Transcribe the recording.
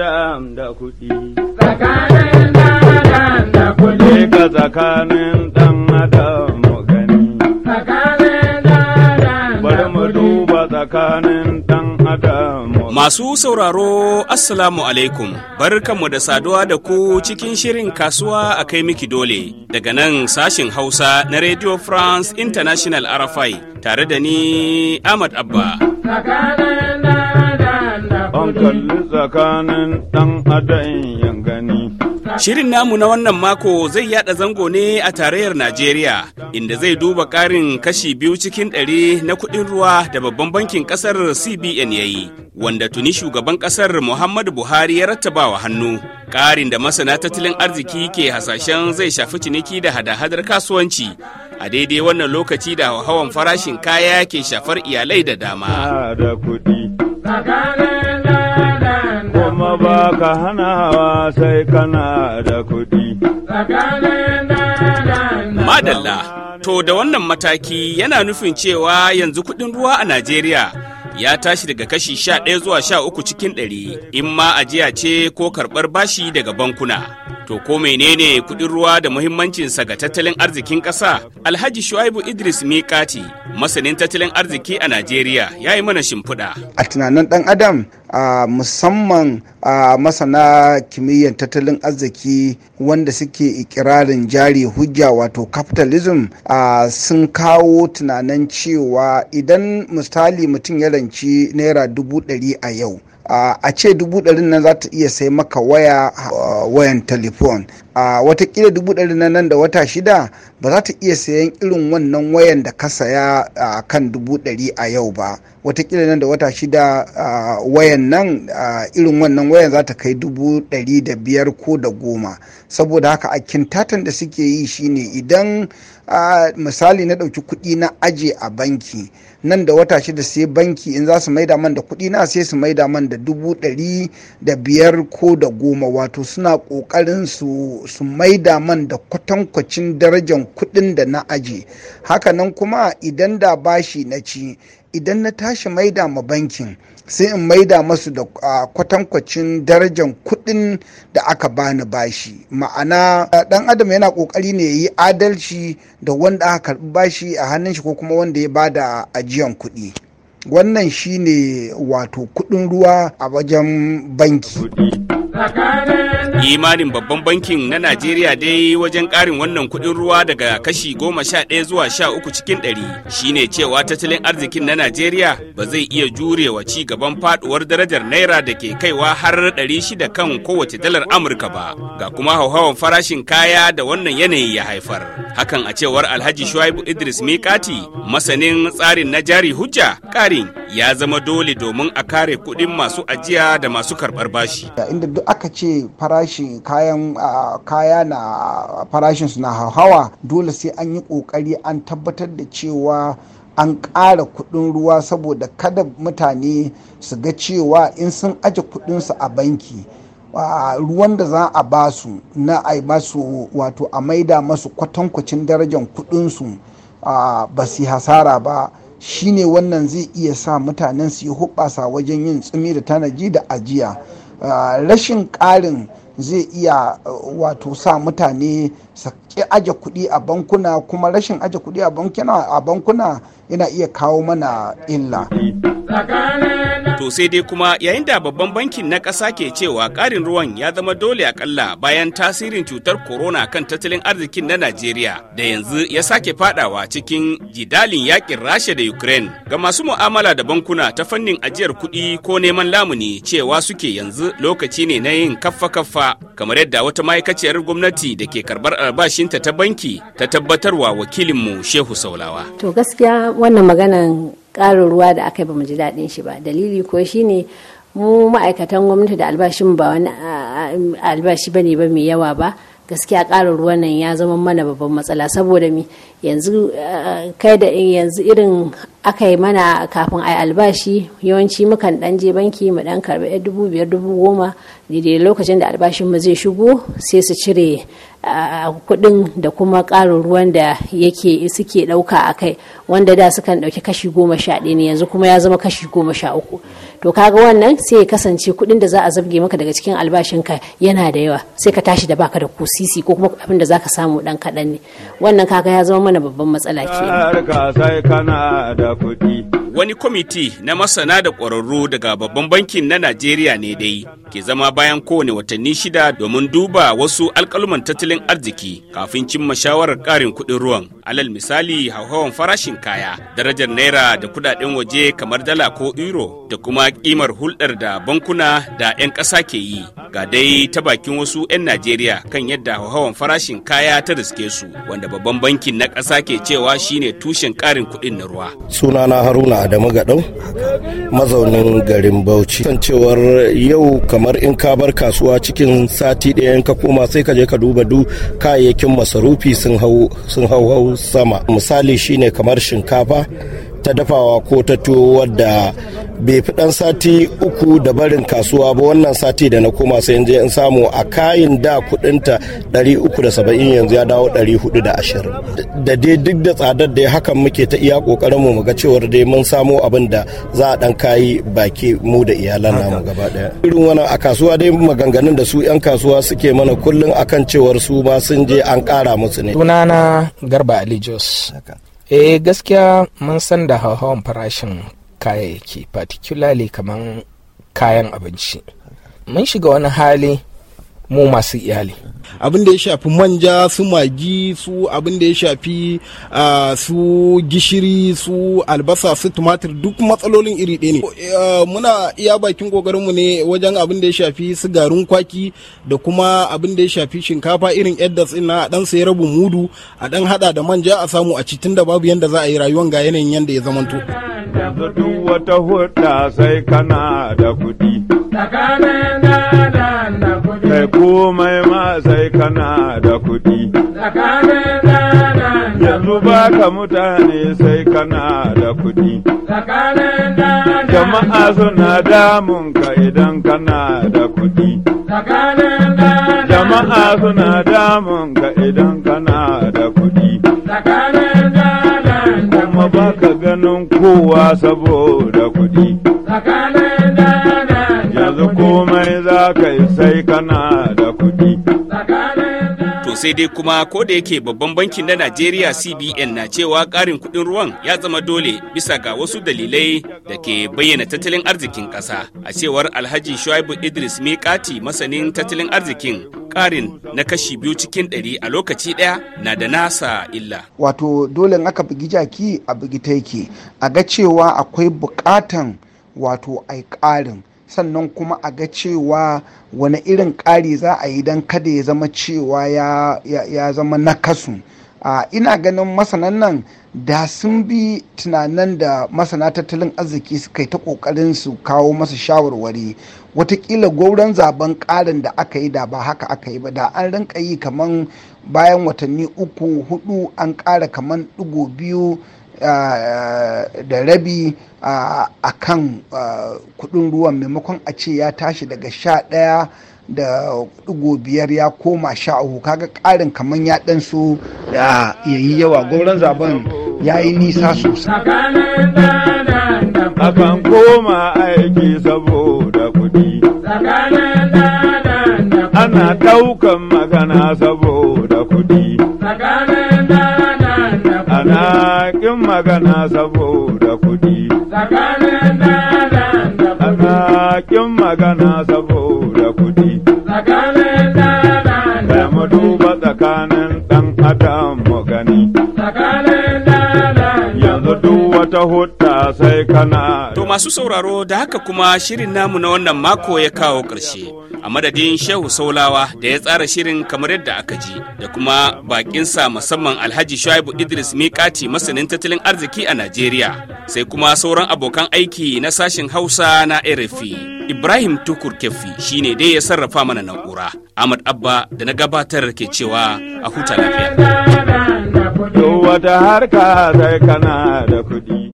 dam da kuɗi. Tsakanin dan da kuɗi. Ka tsakanin dan adam mu gani. Tsakanin dan Bari mu duba tsakanin dan adam Masu sauraro Assalamu alaikum, barkanmu da saduwa da ku cikin shirin kasuwa a kai miki dole daga nan sashin Hausa na Radio France International RFI tare da ni Ahmad Abba. Tsakanin an tsakanin dan adayin yan Shirin namu na wannan mako zai yada zango ne a tarayyar Najeriya, inda zai duba karin kashi biyu cikin ɗari na kuɗin ruwa da babban bankin ƙasar CBN ya yi, wanda tuni shugaban ƙasar Muhammadu Buhari ya rattabawa hannu. karin da masana tattalin arziki ke hasashen zai shafi ciniki da hada-hadar kasuwanci. a daidai wannan lokaci da hawan farashin kaya ke shafar iyalai da dama. ka hanawa sai kana da kuɗi. Madalla, to da wannan mataki yana nufin cewa yanzu kuɗin ruwa a Najeriya ya tashi daga kashi sha ɗaya zuwa sha uku cikin ɗari, in ma ajiya ce ko karɓar bashi daga bankuna. To ko menene kudin ruwa da muhimmancinsa ga tattalin arzikin ƙasa? Alhaji Shuaibu Idris Mikati, masanin tattalin arziki a Najeriya, ya yi mana shimfiɗa. A tunanin ɗan Adam, uh, musamman uh, masana kimiyyar tattalin arziki wanda suke ikirarin jari hujja wato capitalism uh, sun kawo tunanin cewa idan misali mutum ya ranci naira dubu ɗari a yau. a ce dubu ɗarin nan za ta iya sai maka waya wayan telefon a watakila dubu ɗarin nan da wata shida ba za ta iya sayan irin wannan wayan da ka saya kan dubu ɗari a yau ba watakila nan da wata shida wayan nan irin wannan wayan za ta kai dubu ɗari da biyar ko da goma saboda haka a kintatan da suke yi shine idan misali na ɗauki kuɗi na aje a banki nan da wata shida sai banki in za su maida man da kuɗi na sai su maida man da dubu ɗari da biyar ko da goma wato suna ƙoƙarin su maida man da kwatankwacin darajar kuɗin da na aje hakanan kuma idan da bashi na ci idan na tashi maida ma bankin sai in maida masu da kwatankwacin darajar kuɗin da aka bani bashi ma'ana ɗan adam yana ƙoƙari ne ya yi adalci da wanda aka karɓi bashi a hannun shi ko kuma wanda ya bada ajiyan kuɗi wannan shine wato kuɗin ruwa a wajen banki. Imanin babban bankin na Najeriya dai wajen karin wannan kuɗin ruwa daga kashi goma sha ɗaya zuwa sha uku cikin ɗari shine cewa tattalin arzikin na Najeriya ba zai iya jurewa ci gaban faduwar darajar naira da ke kaiwa har ɗari shida kan kowace dalar Amurka ba, ga kuma hauhawan farashin kaya da wannan yanayi ya haifar. hakan a cewar alhaji shuaibu idris mikati masanin tsarin na jari hujja karin ya zama dole domin a kare kuɗin masu ajiya da masu karbar bashi inda duk aka ce farashin kayan kaya na farashin su na hawa dole sai an yi ƙoƙari an tabbatar da cewa an ƙara kuɗin ruwa saboda kada mutane su ga cewa in sun aje kuɗinsu a banki ruwan da za a ba su na a masu wato a maida masu kwatankwacin darajar kudinsu ba su hasara ba shine wannan zai iya sa mutanen su yi hubbasa wajen yin tsimi da tanaji da ajiya rashin karin zai iya wato sa mutane saki aje kuɗi a bankuna kuma rashin aje kuɗi a bankuna yana iya kawo mana illa. To sai dai kuma yayin da babban bankin na ƙasa ke cewa ƙarin ruwan ya zama dole akalla bayan tasirin cutar corona kan tattalin arzikin na Najeriya da yanzu ya sake fadawa cikin jidalin yakin Rasha da Ukraine. Ga masu mu'amala da bankuna ta fannin ajiyar kuɗi ko neman lamuni cewa suke yanzu lokaci ne na yin kaffa-kaffa kamar yadda wata ma'aikaciyar gwamnati da ke karbar albashinta ta banki ta tabbatarwa wakilinmu Shehu Saulawa. To gaskiya wannan maganan karin ruwa da aka yi ba mu ji daɗin shi ba dalili ko shine mu ma'aikatan gwamnati da albashin ba wani albashi bane ba mai yawa ba gaskiya ƙarin ruwan nan ya zama mana babban matsala saboda mi yanzu eh, kai da yanzu irin aka yi mana kafin a yi albashi yawanci mukan dan je banki mu dan karbi dubu biyar dubu goma daidai lokacin da albashin mu zai shigo sai su cire eh, kuɗin da kuma ƙarin ruwan da yake suke ɗauka a kai wanda da su kan ɗauki kashi goma sha ɗaya ne yanzu kuma ya zama kashi goma sha uku to kaga wannan sai ya kasance kuɗin da za a zabge maka daga cikin albashinka yana da yawa sai ka tashi da baka da kusa sisi ko kuma abin da zaka samu dan kaɗan ne wannan kaga ya zama mana babban matsala ke wani kwamiti na masana da ƙwararru daga babban bankin na najeriya ne dai ke zama bayan kowane watanni shida domin duba wasu alkaluman tattalin arziki kafin cimma shawarar ƙarin kuɗin ruwan alal misali hauhawan farashin kaya darajar naira da kuɗaɗen waje kamar dala ko euro da kuma ƙimar hulɗar da bankuna da 'yan ƙasa ke yi Ga dai ta bakin wasu 'yan Najeriya kan yadda hauhawan farashin kaya ta riske su wanda babban bankin na ƙasa ke cewa shine tushen ƙarin kuɗin na ruwa. Sunana Haruna Adamu Gaɗau, mazaunin garin Bauchi. cewar yau kamar in ka bar kasuwa cikin sati ɗaya in ka koma sai ka je ka duba du kayayyakin masarufi sun hau sama. Misali shine kamar shinkafa ta dafawa ko ta tuwo wadda bai fi ɗan sati uku da barin kasuwa ba wannan sati da na koma sai je in samu a kayin da kudinta 370 yanzu ya dawo 420 da dai duk da tsadar da hakan muke ta iya kokarin mu ga cewar dai mun samo abin da za a dan kayi baki mu da iyalan namu gaba daya irin wannan a kasuwa dai maganganun da su yan kasuwa suke mana kullun akan cewar su ma sun je an kara musu ne sunana garba ali jos eh gaskiya mun san da hauhawan farashin kayayyaki particularly kamar kayan abinci mun shiga wani hali mu masu iyali abin da ya shafi manja su magi su abin da ya shafi su gishiri su albasa su tumatir duk matsalolin iri ɗaya ne muna iya bakin mu ne wajen abin da ya shafi su garin kwaki da kuma abin da ya shafi shinkafa irin eddas ina a ɗan sai rabin mudu a ɗan haɗa da manja a samu a ci da babu yanda za a yi rayuwan ga yanayin yanda ya zamanto wata hudda sai kana da kuɗi tsakanin kai komai ma sai kana da kuɗi. Yanzu baka mutane sai kana da kuɗi. Jama'a suna damun ka idan kana da kuɗi. Jama'a suna damun ka idan kana da kuɗi. Kuma baka ganin kowa sabo. sai dai kuma ko da yake babban bankin na najeriya cbn na cewa ƙarin kudin ruwan ya zama dole bisa ga wasu dalilai da ke bayyana tattalin arzikin kasa a cewar alhaji shuaibu idris mekati masanin tattalin arzikin karin na kashi biyu cikin ɗari a lokaci ɗaya na da nasa illa. Wato dole aka bugi jaki a bugi taiki a ga cewa akwai buƙatan wato ai ƙarin sannan kuma a ga cewa wani irin ƙari za a yi don kada ya zama cewa ya zama nakasu ina ganin masanan nan da sun bi tunanin da masana tattalin arziki suka yi ta ƙoƙarin su kawo masa shawarwari watakila gauran zaben ƙarin da aka yi da ba haka aka yi ba da an rinka yi kaman bayan watanni uku hudu an ƙara kaman ɗigo biyu da rabi a kan kudin ruwan maimakon a ce ya tashi daga sha ɗaya da ɗigo biyar ya koma sha uku kaga ƙarin kamar ya ɗan so ya yi yawa Gwamnan zaben ya yi nisa sosai akan koma aiki saboda kuɗi ana ɗaukan magana saboda magana saboda kudi. Tsakanin da da da magana saboda kuɗi. Tsakanin da da da Da da duba tsakanin ɗan adam mu gani. da wata hudda sai kana. To masu sauraro da haka kuma shirin namu na wannan mako ya kawo ƙarshe. A madadin Shehu Saulawa da ya tsara shirin kamar yadda aka ji da kuma bakinsa musamman Alhaji Shuaibu Idris Mikati masanin tattalin arziki a Najeriya. Sai kuma sauran abokan aiki na sashen Hausa na RFI. Ibrahim Tukur Kefi shine dai ya sarrafa mana na'ura. Ahmad Abba da na gabatar ke cewa a huta lafiya. kuɗi. wata harka sai kana da kuɗi.